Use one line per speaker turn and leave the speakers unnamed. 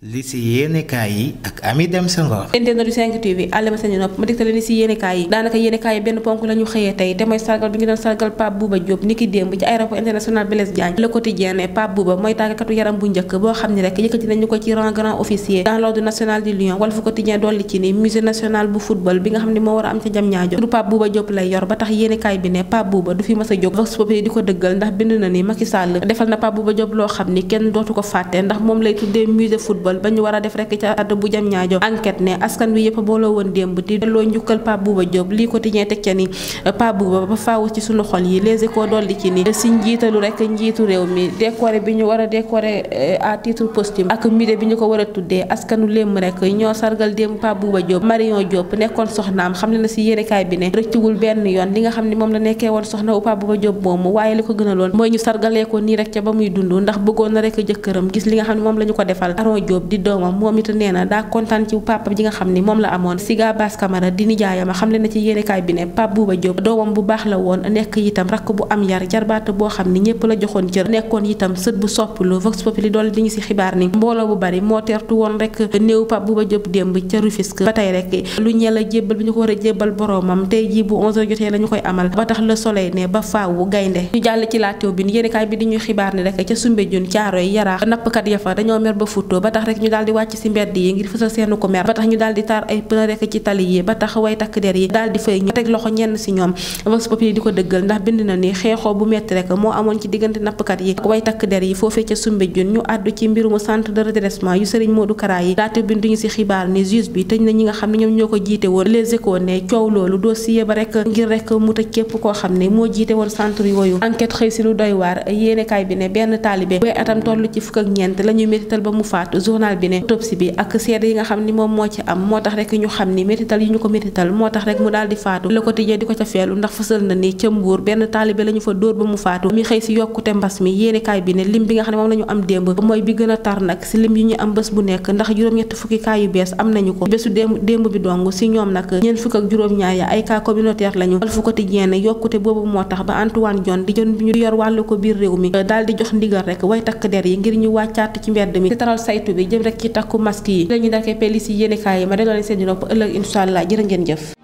li si yéenekaay yi ak Ami Deme Senghor internet du 5 TV àll ba si yéenekaay yi daanaka yéenekaay benn ponk la xëyee tey te mooy sargal bi ñu doon sargal Pape Bouba Diop niki démb ci aéroport international Blaise Diagne le quotidien ne Pape Bouba mooy tàggkatu yaram bu njëkk boo xam ne rek yëkkati nañu ko ci rang grand officier dans l'ordre national du Lion Walf Quotidien dolli ci ni musée national bu football bi nga xam ne moo war am ca Diamniadio du Pape jubal ba ñu war a def rek ca àdd bu jam ñaajo ne askan wi yëpp booloo woon démb di delloo njukkal Pape Bouba Diop lii quotidien teg ca ni Pape Bouba ba faaw ci sunu xol yi les échos dolli ci ni si njiitalu rek njiitu réew mi décoré bi ñu war a décoré eh, à titre posthume ak midé bi ñu ko war a tuddee askanu lémm rek ñoo sargal démb Pape Bouba Diop Marion Diop nekkoon soxnaam xam ne na si yérekaay bi ne rëccuwul benn yoon li nga xam ne moom la nekkee woon soxna u Pape Bouba Diop moomu a loon mooy la ñu ko Diop di doomam moom it a na daa kontaan ci papa ji nga xam ni moom la amoon Siga Bass Camara di nijaayam xamle na ci yéenekaay bi ni ñu ba tey rek lu ñeel a jébbal bi ñu ko war a jébbal boroomam tey jii bu 11h jotee la ñu koy amal ba tax Le Soleil ne ba faawu gaynde ñu jàll ci laatew bi yéenekaay bi di ñu xibaar ni rek ca Soumbédioune Thiaroye Yaraax nappkat ya fa dañoo mer ba futtoo ba tax rek ñu daal di wàcc si mbedd yi ngir fësal seenu ko mer ba tax ñu daal di taar ay pneu rek ci tali yi ba tax way takk der yi daal di fay ñu teg loxo ñenn ci diggante nappkat ñu àddu ci mbirum centre de redressement yu Serigne Modou Kara yi daate binduñu si xibaar ni juge bi tëj ñi nga xam ne ñoom ñoo ko jiite woon les échos ne coow loolu dossier ba rek ngir rek mu tëj képp koo xam ne moo jiite woon centre yooyu enquête xëy si lu doy waar yéenekaay bi ne benn taalibe bu atam la ñuy métital ba journal bi ne autopsie bi ak seede yi nga xam ni moom moo ci am moo tax rek ñu xam ni métital yi ñu ko métital moo tax rek mu daal di faatu le quotidien di ko ca feelu ndax fësal na ni ca mbuur la ñu fa dóor ba mu faatu mi xëy si yokkute mbas mi yéenekaay bi ne lim bi nga xam ne moom la ñu am démb mooy bi gën a tar nag si ñu am bés bu nekk ndax juróom-ñetti fukki yu bees am nañu ko bésu démb démb bi dong si ñoom nag ñeen fukk ak juróom-ñaar ya ay cas communautaire lañu Walf Quotidien yokkute boobu moo tax ba antuwaan Diome di jën ñu yor wàll ko biir réew mi daal di jox ndigal rek way takk der yi ngir ñu wàccaat ci mbedd mi te taral saytu bi jëm rek ci takku masque yi la ñuy dakee pelis yi yéenekaay yi ma delloo leen seen nopp ëllëg incha allah jërë ngeen jëf